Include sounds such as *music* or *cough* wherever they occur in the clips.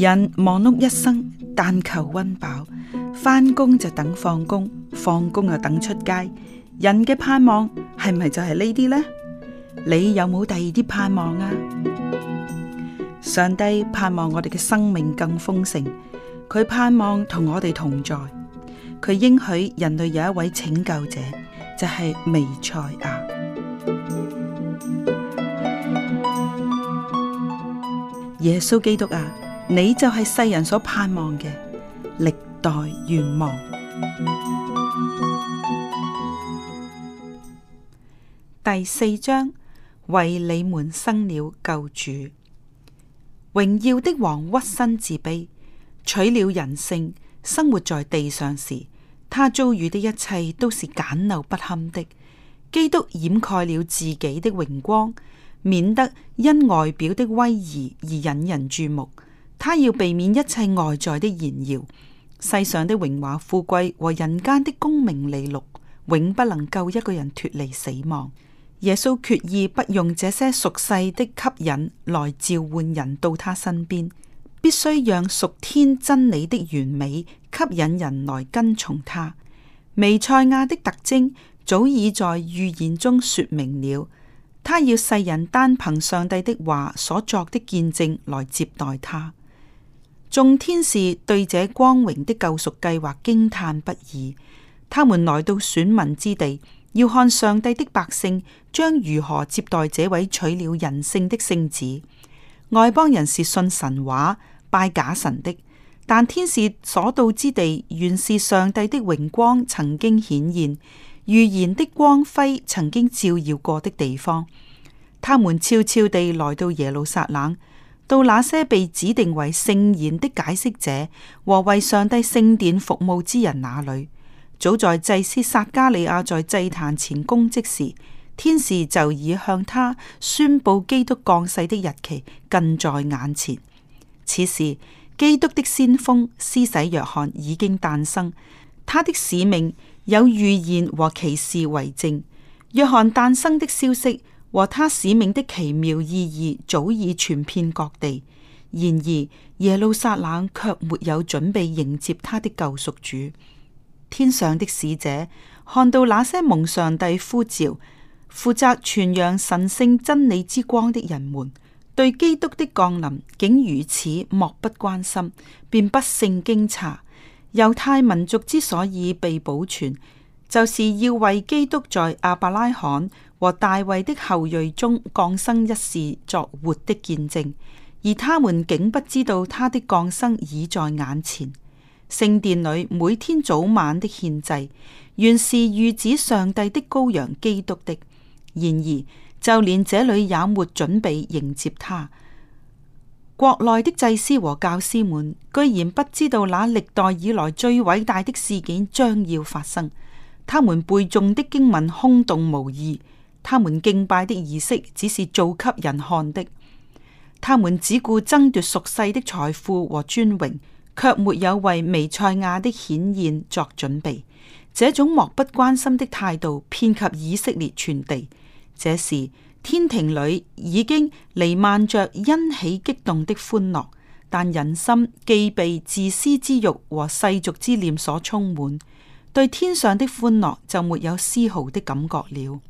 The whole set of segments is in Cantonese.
人忙碌一生，但求溫飽，翻工就等放工，放工又等出街。人嘅盼望係咪就係呢啲呢？你有冇第二啲盼望啊？上帝盼望我哋嘅生命更豐盛，佢盼望同我哋同在，佢應許人類有一位拯救者，就係彌賽亞，耶穌基督啊！你就係世人所盼望嘅歷代願望。第四章為你們生了救主，榮耀的王屈身自卑，取了人性，生活在地上時，他遭遇的一切都是簡陋不堪的。基督掩蓋了自己的榮光，免得因外表的威儀而引人注目。他要避免一切外在的炫耀，世上的榮華富貴和人間的功名利祿，永不能夠一個人脫離死亡。耶穌決意不用這些俗世的吸引來召喚人到他身邊，必須讓屬天真理的完美吸引人來跟從他。彌賽亞的特徵早已在預言中說明了，他要世人單憑上帝的話所作的見證來接待他。眾天使對這光榮的救贖計劃驚嘆不已，他們來到選民之地，要看上帝的百姓將如何接待這位取了人性的聖子。外邦人是信神話、拜假神的，但天使所到之地，原是上帝的榮光曾經顯現、預言的光輝曾經照耀過的地方。他們悄悄地來到耶路撒冷。到那些被指定為聖言的解釋者和為上帝聖殿服務之人那裏，早在祭司撒加利亞在祭壇前供職時，天使就已向他宣布基督降世的日期近在眼前。此時，基督的先鋒施洗約翰已經誕生，他的使命有預言和奇事為證。約翰誕生的消息。和他使命的奇妙意義早已傳遍各地，然而耶路撒冷卻沒有準備迎接他的救贖主。天上的使者看到那些蒙上帝呼召、負責傳揚神聖真理之光的人們，對基督的降臨竟如此漠不關心，便不勝驚詫。猶太民族之所以被保存，就是要為基督在亞伯拉罕。和大衛的後裔中降生一事作活的見證，而他們竟不知道他的降生已在眼前。聖殿裏每天早晚的獻祭，原是預指上帝的羔羊基督的。然而就連這裏也沒準備迎接他。國內的祭司和教師們居然不知道那歷代以來最偉大的事件將要發生。他們背誦的經文空洞無疑。他們敬拜的儀式只是做給人看的，他們只顧爭奪俗世的財富和尊榮，卻沒有為彌賽亞的顯現作準備。這種漠不關心的態度遍及以色列全地。這時，天庭裏已經彌漫着欣喜激動的歡樂，但人心既被自私之欲和世俗之念所充滿，對天上的歡樂就沒有絲毫的感覺了。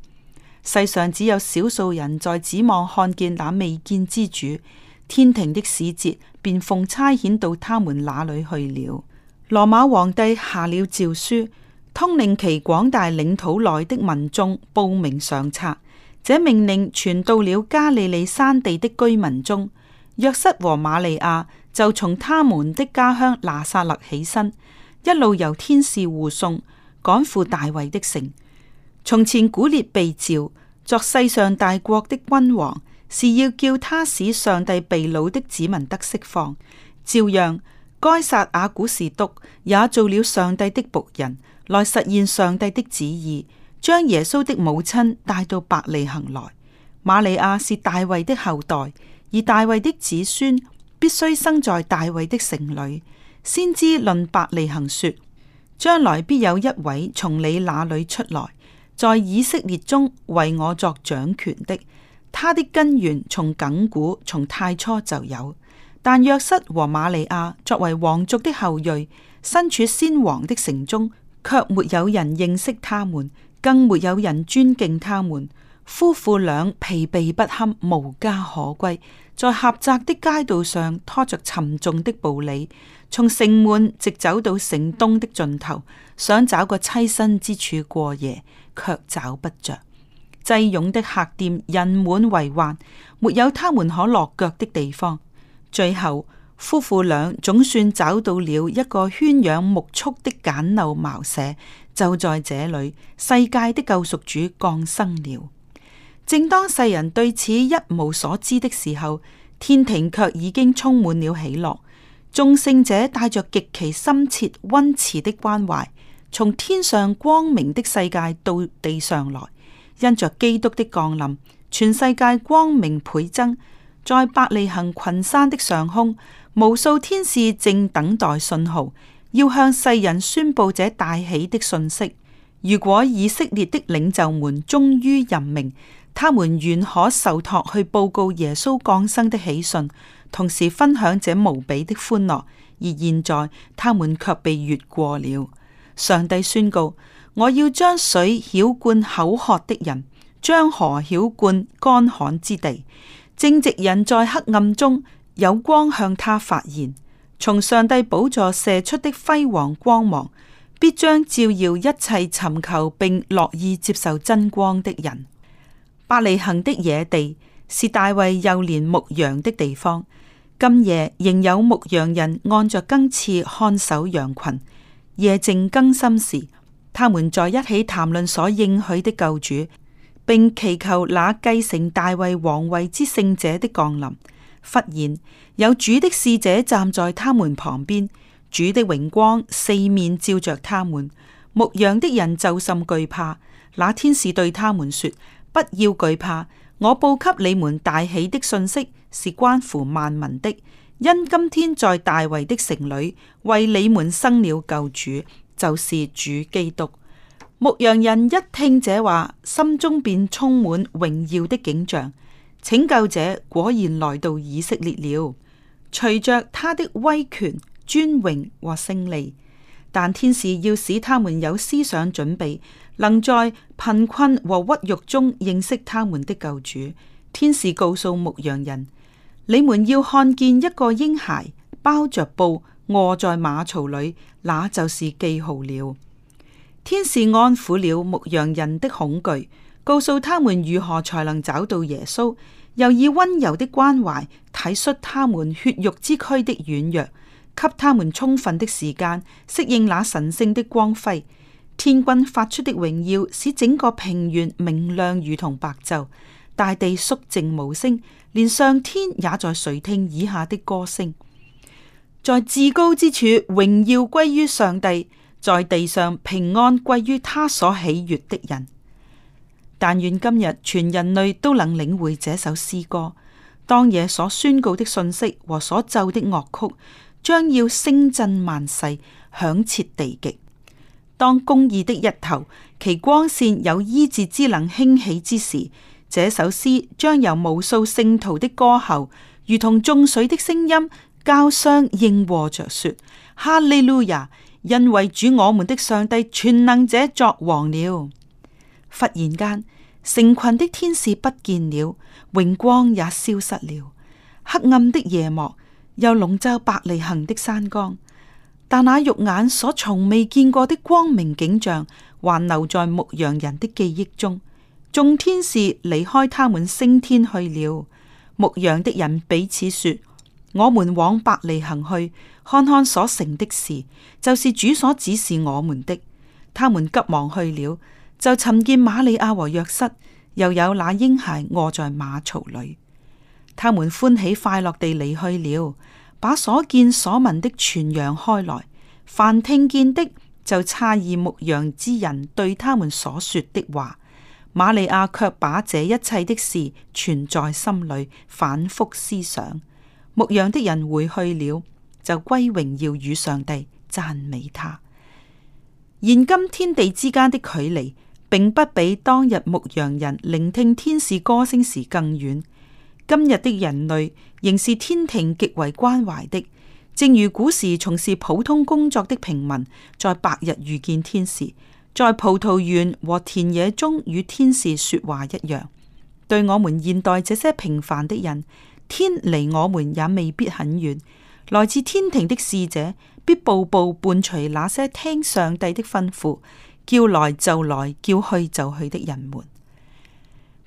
世上只有少數人在指望看見那未見之主，天庭的使節便奉差遣到他們那裏去了。羅馬皇帝下了詔書，通令其廣大領土內的民眾報名上冊。這命令傳到了加利利山地的居民中，約瑟和瑪利亞就從他們的家鄉拿撒勒起身，一路由天使護送，趕赴大衛的城。從前古列被召作世上大國的君王，是要叫他使上帝被擄的子民得釋放。照樣該撒阿古士督也做了上帝的僕人，來實現上帝的旨意，將耶穌的母親帶到伯利恆來。瑪利亞是大衛的後代，而大衛的子孫必須生在大衛的城裏，先知論伯利恆說，將來必有一位從你那裏出來。在以色列中為我作掌權的，他的根源從亙古從太初就有。但約瑟和瑪利亞作為王族的後裔，身處先王的城中，卻沒有人認識他們，更沒有人尊敬他們。夫婦倆疲憊不堪，無家可歸，在狹窄的街道上拖着沉重的步履，從城門直走到城東的盡頭，想找個棲身之處過夜。卻找不着，擠擁的客店人滿為患，沒有他們可落腳的地方。最後夫婦倆總算找到了一個圈養牧畜的簡陋茅舍，就在這裏，世界的救贖主降生了。正當世人對此一無所知的時候，天庭卻已經充滿了喜樂，眾聖者帶着極其深切溫慈的關懷。從天上光明的世界到地上來，因着基督的降臨，全世界光明倍增。在伯利恒群山的上空，無數天使正等待信號，要向世人宣布這大喜的信息。如果以色列的領袖們忠於任命，他們願可受託去報告耶穌降生的喜訊，同時分享這無比的歡樂。而現在，他們卻被越過了。上帝宣告：我要將水曉灌口渴的人，將河曉灌乾旱之地。正直人在黑暗中有光向他發現，從上帝寶座射出的輝煌光芒，必將照耀一切尋求並樂意接受真光的人。伯利恆的野地是大衛幼年牧羊的地方，今夜仍有牧羊人按着更次看守羊群。夜靜更深時，他們在一起談論所應許的救主，並祈求那繼承大衛王位之聖者的降臨。忽然，有主的使者站在他們旁邊，主的榮光四面照着他們，牧羊的人就甚懼怕。那天使對他們說：不要懼怕，我報給你們大喜的信息是關乎萬民的。因今天在大衛的城裏，為你們生了救主，就是主基督。牧羊人一聽這話，心中便充滿榮耀的景象。拯救者果然來到以色列了，隨着他的威權、尊榮和勝利。但天使要使他們有思想準備，能在貧困和屈辱中認識他們的救主。天使告訴牧羊人。你們要看見一個嬰孩包着布臥在馬槽裏，那就是記號了。天使安撫了牧羊人的恐懼，告訴他們如何才能找到耶穌，又以温柔的關懷體恤他們血肉之軀的軟弱，給他們充分的時間適應那神聖的光輝。天軍發出的榮耀使整個平原明亮如同白晝，大地肅靜無聲。連上天也在垂聽以下的歌聲，在至高之處榮耀歸於上帝，在地上平安歸於他所喜悦的人。但願今日全人類都能領會這首詩歌，當夜所宣告的信息和所奏的樂曲，將要聲震萬世，響徹地極。當公義的日頭，其光線有醫治之能興起之時。這首詩將由無數聖徒的歌喉，如同眾水的聲音交相應和着說：哈利路亞！因為主我們的上帝全能者作王了。忽然間，成群的天使不見了，榮光也消失了，黑暗的夜幕又籠罩伯利恆的山崗。但那肉眼所從未見過的光明景象，還留在牧羊人的記憶中。眾天使離開他們升天去了。牧羊的人彼此說：我們往伯利恒去，看看所成的事，就是主所指示我們的。他們急忙去了，就尋見瑪利亞和約瑟，又有那嬰孩臥在馬槽裏。他們歡喜快樂地離去了，把所見所聞的傳揚開來，凡聽見的就詫異牧羊之人對他們所說的話。馬利亞卻把這一切的事存在心裏，反覆思想。牧羊的人回去了，就歸榮耀與上帝，讚美他。現今天地之間的距離，並不比當日牧羊人聆聽天使歌聲時更遠。今日的人類，仍是天庭極為關懷的，正如古時從事普通工作的平民，在白日遇見天使。在葡萄園和田野中與天使說話一樣，對我們現代這些平凡的人，天離我們也未必很遠。來自天庭的使者，必步步伴隨那些聽上帝的吩咐，叫來就來，叫去就去的人們。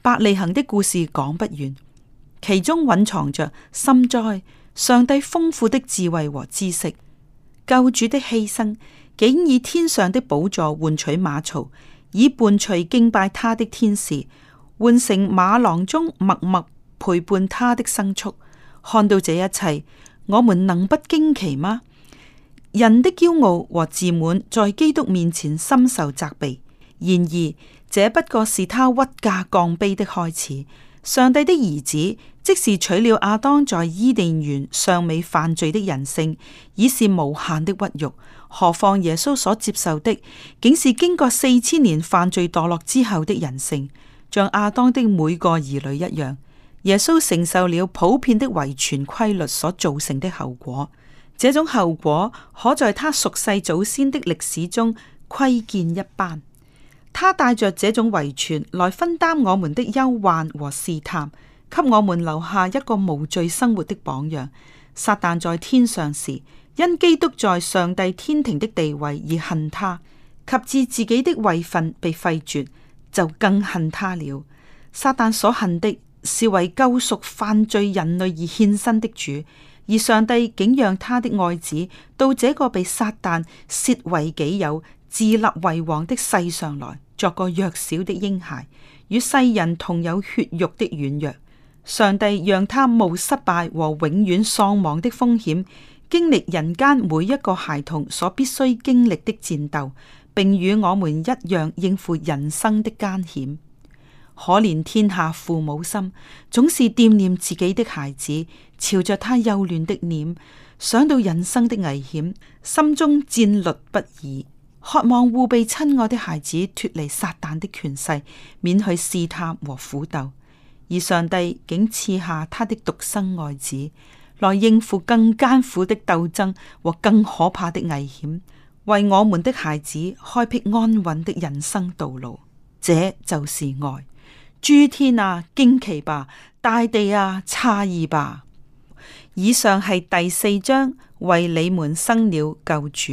伯利恒的故事講不完，其中蘊藏着深哉上帝豐富的智慧和知識，救主的犧牲，竟以天上的寶座換取馬槽，以伴隨敬拜他的天使換成馬郎中默默陪伴他的牲畜，看到這一切，我們能不驚奇嗎？人的驕傲和自滿在基督面前深受責備，然而這不過是他屈駕降卑的開始。上帝的兒子，即是取了亞當在伊甸園尚未犯罪的人性，已是無限的屈辱。何況耶穌所接受的，竟是經過四千年犯罪墮落之後的人性，像亞當的每個兒女一樣，耶穌承受了普遍的遺傳規律所造成的後果。這種後果，可在他屬世祖先的歷史中窺見一斑。他帶着這種遺傳來分擔我們的憂患和試探，給我們留下一個無罪生活的榜樣。撒旦在天上時，因基督在上帝天庭的地位而恨他，及至自己的位份被廢絕，就更恨他了。撒旦所恨的是為救贖犯罪人類而獻身的主，而上帝竟讓他的愛子到這個被撒旦竊為己有。自立為王的世上來，作個弱小的嬰孩，與世人同有血肉的軟弱。上帝讓他冒失敗和永遠喪亡的風險，經歷人間每一個孩童所必須經歷的戰鬥，並與我們一樣應付人生的艱險。可憐天下父母心，總是惦念自己的孩子，朝着他幼嫩的臉，想到人生的危險，心中戰慄不已。渴望護庇親愛的孩子脱離撒旦的權勢，免去試探和苦鬥；而上帝竟賜下他的獨生愛子來應付更艱苦的鬥爭和更可怕的危險，為我們的孩子開闢安穩的人生道路。這就是愛。諸天啊，驚奇吧！大地啊，詫異吧！以上係第四章，為你們生了救主。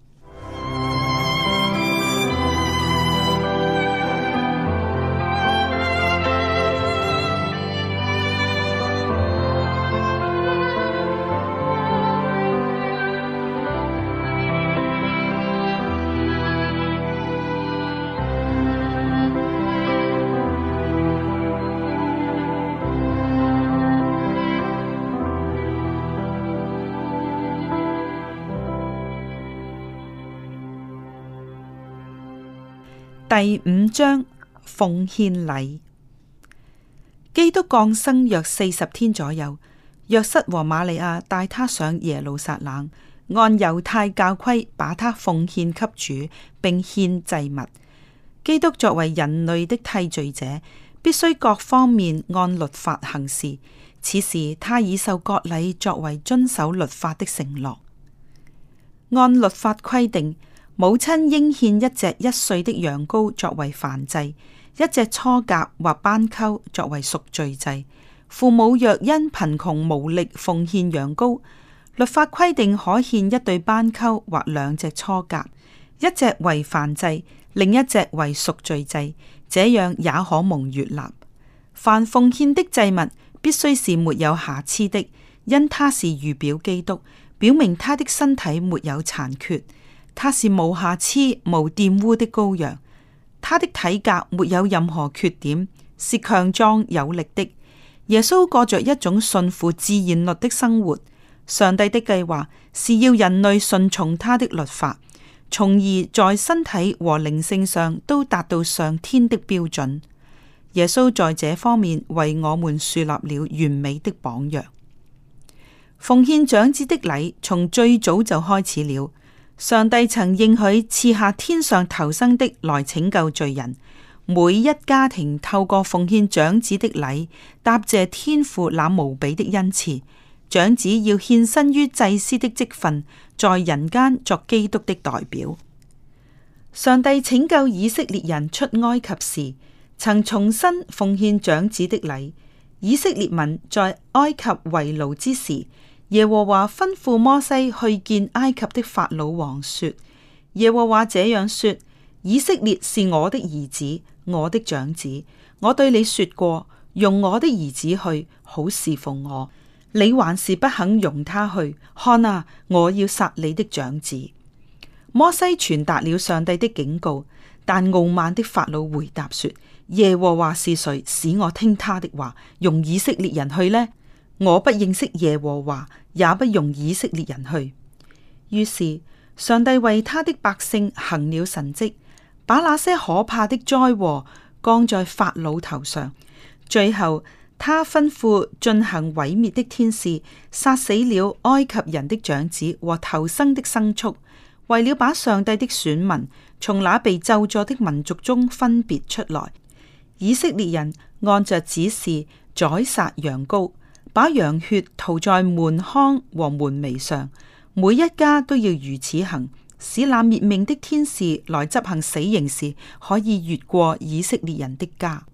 第五章奉獻禮。基督降生約四十天左右，約瑟和瑪利亞帶他上耶路撒冷，按猶太教規把他奉獻給主，並獻祭物。基督作為人類的替罪者，必須各方面按律法行事。此時他已受割禮，作為遵守律法的承諾。按律法規定。母親應獻一隻一歲的羊羔作為燔祭，一隻雛鴿或斑鳩作為贖罪祭。父母若因貧窮無力奉獻羊羔，律法規定可獻一對斑鳩或兩隻雛鴿，一隻為燔祭，另一隻為贖罪祭，這樣也可蒙悅納。凡奉獻的祭物必須是沒有瑕疵的，因它是預表基督，表明他的身體沒有殘缺。他是無瑕疵、無玷污的羔羊，他的體格沒有任何缺點，是強壯有力的。耶穌過着一種順乎自然律的生活。上帝的計劃是要人類順從他的律法，從而在身體和靈性上都達到上天的標準。耶穌在這方面為我們樹立了完美的榜樣。奉獻長子的禮從最早就開始了。上帝曾應許賜下天上投生的來拯救罪人。每一家庭透過奉獻長子的禮，答謝天父那無比的恩賜。長子要獻身於祭司的職分，在人間作基督的代表。上帝拯救以色列人出埃及時，曾重新奉獻長子的禮。以色列民在埃及為奴之時。耶和華吩咐摩西去見埃及的法老王，說：耶和華這樣說，以色列是我的兒子，我的長子。我對你說過，用我的兒子去，好侍奉我。你還是不肯容他去，看啊，我要殺你的長子。摩西傳達了上帝的警告，但傲慢的法老回答說：耶和華是誰，使我聽他的話，容以色列人去呢？我不認識耶和華，也不容以色列人去。於是上帝為他的百姓行了神跡，把那些可怕的災禍降在法老頭上。最後，他吩咐進行毀滅的天使殺死了埃及人的長子和頭生的牲畜，為了把上帝的選民從那被咒詛的民族中分別出來。以色列人按着指示宰殺羊羔。把羊血塗在門框和門楣上，每一家都要如此行，使那滅命的天使來執行死刑時，可以越過以色列人的家。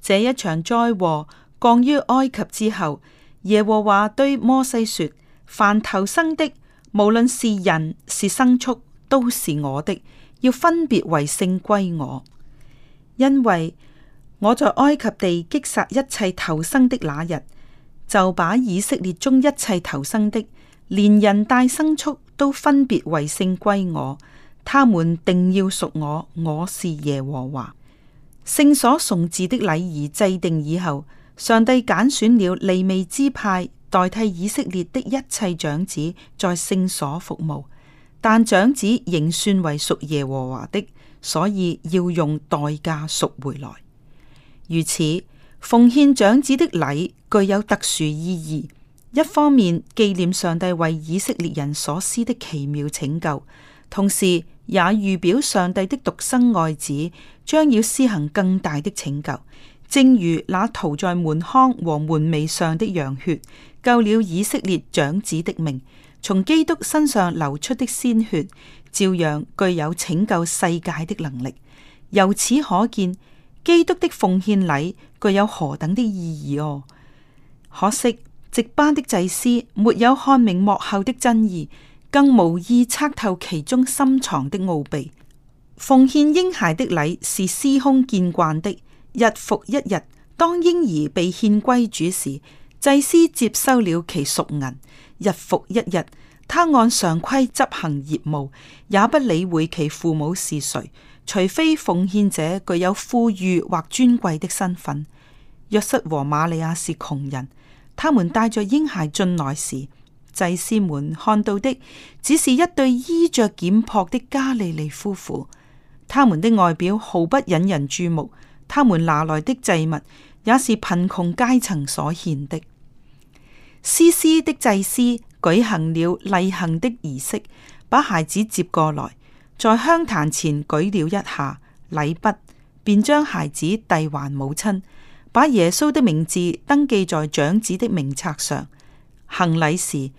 這一場災禍降於埃及之後，耶和華對摩西說：凡投生的，無論是人是牲畜，都是我的，要分別為聖歸我，因為我在埃及地擊殺一切投生的那日。就把以色列中一切投生的，連人帶牲畜都分別為聖歸我，他們定要屬我，我是耶和華。聖所崇祀的禮儀制定以後，上帝揀選了利未支派代替以色列的一切長子在聖所服務，但長子仍算為屬耶和華的，所以要用代價贖回來。如此奉獻長子的禮。具有特殊意義，一方面紀念上帝為以色列人所施的奇妙拯救，同時也預表上帝的獨生愛子將要施行更大的拯救。正如那塗在門框和門楣上的羊血救了以色列長子的命，從基督身上流出的鮮血照樣具有拯救世界的能力。由此可見，基督的奉獻禮具有何等的意義哦！可惜，值班的祭司沒有看明幕後的真意，更無意測透其中深藏的奧祕。奉獻嬰孩的禮是司空見慣的，日復一日。當嬰兒被獻歸主時，祭司接收了其贖銀。日復一日，他按常規執行業務，也不理會其父母是誰，除非奉獻者具有富裕或尊貴的身份。約瑟和瑪利亞是窮人。他們帶着嬰孩進來時，祭司們看到的只是一對衣着簡樸的加利利夫婦，他們的外表毫不引人注目，他們拿來的祭物也是貧窮階層所獻的。斯斯 *noise* 的祭司舉行了例行的儀式，把孩子接過來，在香壇前舉了一下禮畢，便將孩子遞還母親。把耶穌的名字登記在長子的名冊上。行禮時，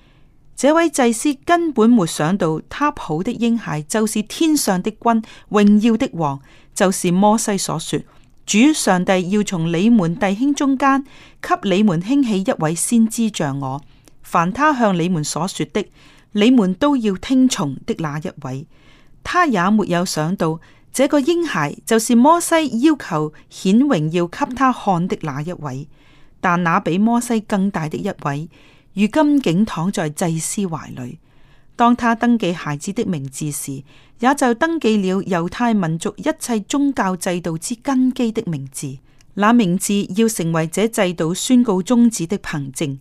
這位祭司根本沒想到，他抱的嬰孩就是天上的君，榮耀的王，就是摩西所說：主上帝要從你們弟兄中間，給你們興起一位先知像我，凡他向你們所說的，你們都要聽從的那一位。他也沒有想到。這個嬰孩就是摩西要求顯榮耀給他看的那一位，但那比摩西更大的一位，如今竟躺在祭司懷裏。當他登記孩子的名字時，也就登記了猶太民族一切宗教制度之根基的名字。那名字要成為這制度宣告終止的憑證，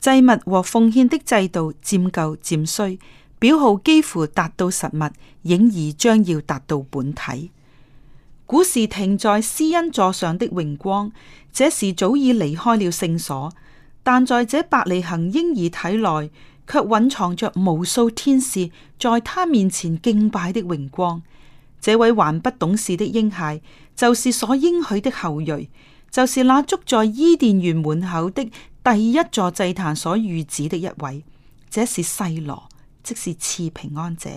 祭物和奉獻的制度漸舊漸衰。表號幾乎達到實物，影兒將要達到本體。古時停在施恩座上的榮光，這時早已離開了聖所，但在這伯利恆嬰兒體內，卻蘊藏着無數天使在他面前敬拜的榮光。這位還不懂事的嬰孩，就是所應許的後裔，就是那築在伊甸園門口的第一座祭壇所預指的一位。這是細羅。即是賜平安者，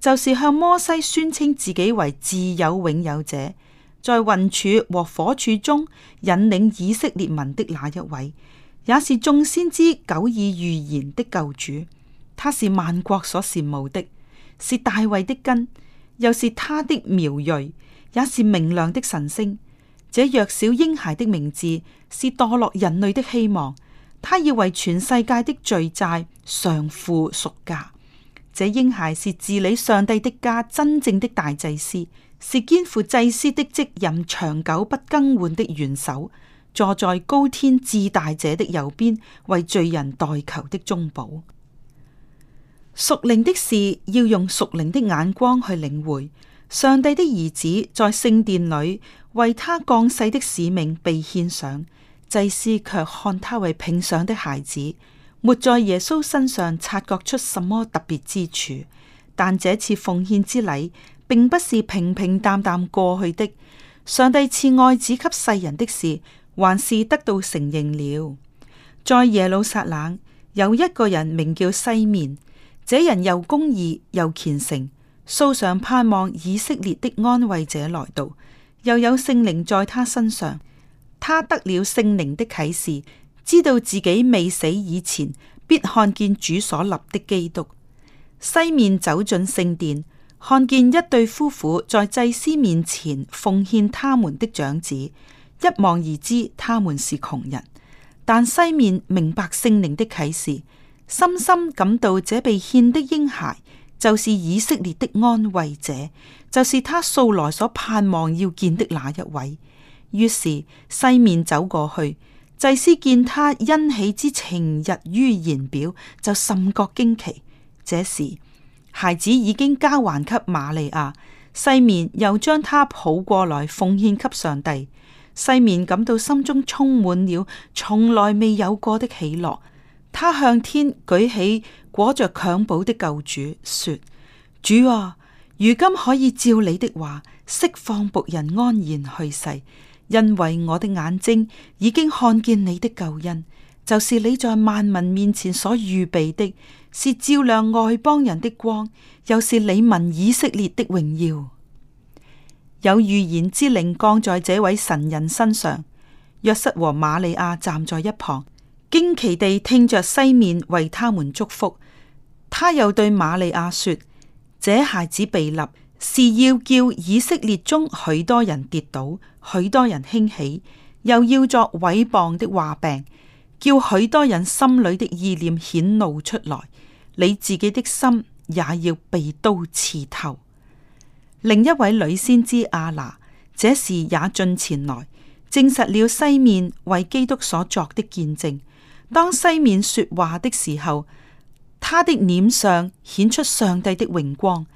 就是向摩西宣稱自己為自有永有者，在雲柱和火柱中引領以色列民的那一位，也是眾先知久已預言的救主。他是萬國所羨慕的，是大衛的根，又是他的苗裔，也是明亮的晨星。這弱小嬰孩的名字是墮落人類的希望。他要為全世界的罪債償付贖價。上父這嬰孩是治理上帝的家真正的大祭司，是肩負祭司的職任長久不更換的元首，坐在高天至大者的右邊，為罪人代求的中保。屬靈的事要用屬靈的眼光去領會。上帝的兒子在聖殿裏為他降世的使命被獻上，祭司卻看他為平上的孩子。沒在耶穌身上察覺出什麼特別之處，但這次奉獻之禮並不是平平淡淡過去的。上帝賜愛子給世人的事，還是得到承認了。在耶路撒冷，有一個人名叫西面，這人又公義又虔誠，素常盼望以色列的安慰者來到，又有聖靈在他身上，他得了聖靈的啟示。知道自己未死以前，必看見主所立的基督。西面走進聖殿，看見一對夫婦在祭司面前奉獻他們的長子，一望而知他們是窮人。但西面明白聖靈的啟示，深深感到這被獻的嬰孩就是以色列的安慰者，就是他素來所盼望要見的那一位。於是西面走過去。祭司見他欣喜之情溢於言表，就甚覺驚奇。這時，孩子已經交還給瑪利亞，西面又將他抱過來奉獻給上帝。西面感到心中充滿了從來未有過的喜樂，他向天舉起裹着襁褓的救主，說：主啊，如今可以照你的話，釋放僕人安然去世。因為我的眼睛已經看見你的救恩，就是你在萬民面前所預備的，是照亮外邦人的光，又是你民以色列的榮耀。有預言之靈降在這位神人身上。約瑟和瑪利亞站在一旁，驚奇地聽着西面為他們祝福。他又對瑪利亞說：這孩子被立。是要叫以色列中許多人跌倒，許多人興起，又要作毀謗的話病，叫許多人心裏的意念顯露出來。你自己的心也要被刀刺透。另一位女先知阿娜，這時也進前來，證實了西面為基督所作的見證。當西面說話的時候，他的臉上顯出上帝的榮光。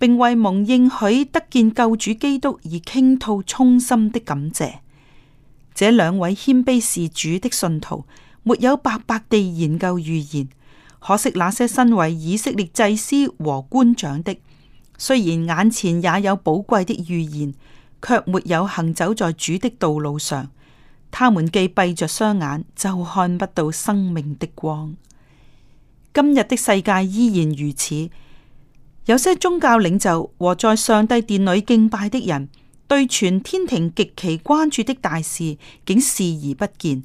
並為蒙應許得見救主基督而傾吐衷心的感謝。這兩位謙卑事主的信徒，沒有白白地研究預言。可惜那些身為以色列祭司和官長的，雖然眼前也有寶貴的預言，卻沒有行走在主的道路上。他們既閉着雙眼，就看不到生命的光。今日的世界依然如此。有些宗教領袖和在上帝殿裏敬拜的人，對全天庭極其關注的大事，竟視而不見；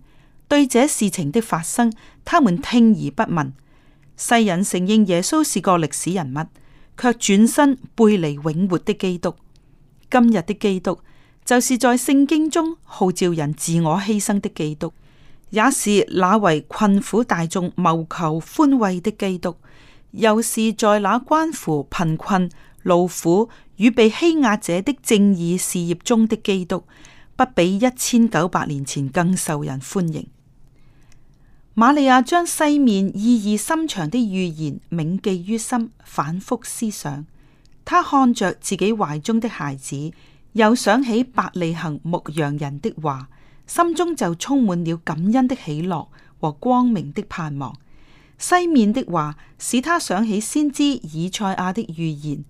對這事情的發生，他們聽而不聞。世人承認耶穌是個歷史人物，卻轉身背離永活的基督。今日的基督，就是在聖經中號召人自我犧牲的基督，也是那為困苦大眾謀求寬慰的基督。又是在那關乎貧困、勞苦與被欺壓者的正義事業中的基督，不比一千九百年前更受人歡迎。瑪利亞將西面意義深長的預言銘記於心，反覆思想。她看着自己懷中的孩子，又想起伯利恆牧羊人的話，心中就充滿了感恩的喜樂和光明的盼望。西面的話，使他想起先知以賽亞的預言：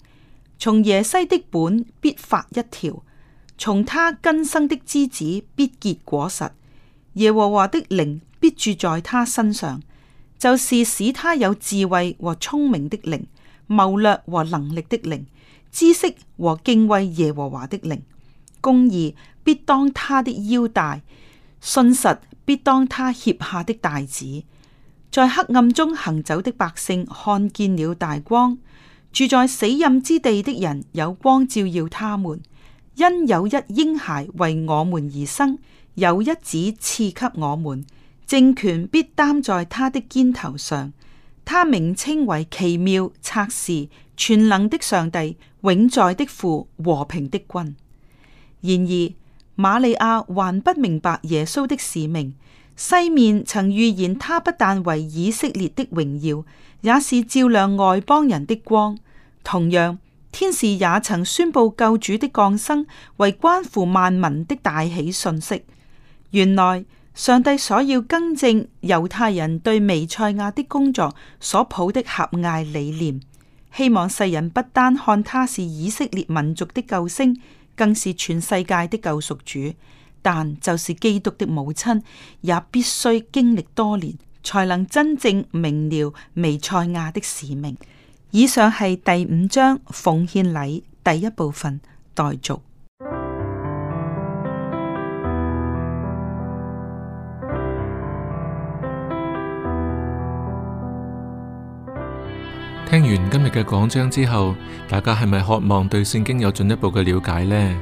從耶西的本必發一條，從他根生的枝子必結果實。耶和華的靈必住在他身上，就是使他有智慧和聰明的靈、謀略和能力的靈、知識和敬畏耶和華的靈。公義必當他的腰帶，信實必當他脅下的帶子。在黑暗中行走的百姓看見了大光，住在死蔭之地的人有光照耀他們。因有一嬰孩為我們而生，有一子賜給我們，政權必擔在他的肩頭上。他名稱為奇妙、策士、全能的上帝、永在的父、和平的君。然而，瑪利亞還不明白耶穌的使命。西面曾預言他不但為以色列的榮耀，也是照亮外邦人的光。同樣，天使也曾宣布救主的降生為關乎萬民的大喜訊息。原來上帝所要更正猶太人對彌賽亞的工作所抱的狹隘理念，希望世人不單看他是以色列民族的救星，更是全世界的救贖主。但就是基督的母親，也必須經歷多年，才能真正明了彌賽亞的使命。以上係第五章奉獻禮第一部分，待續。聽完今日嘅講章之後，大家係咪渴望對聖經有進一步嘅了解呢？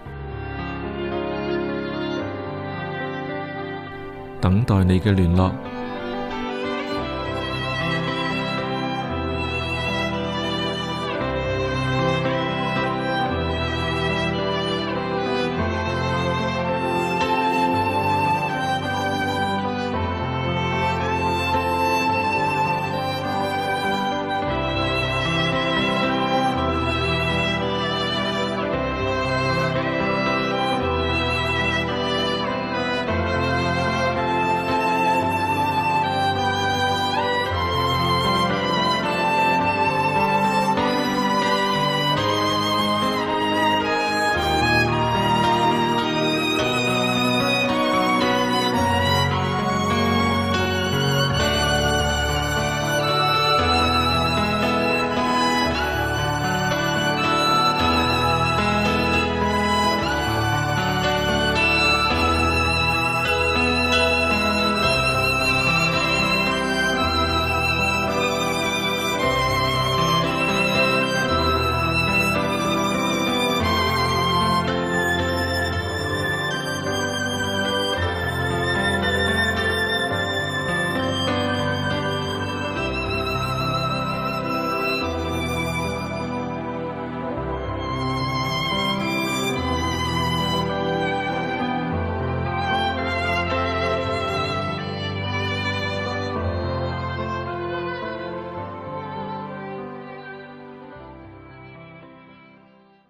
等待你嘅聯絡。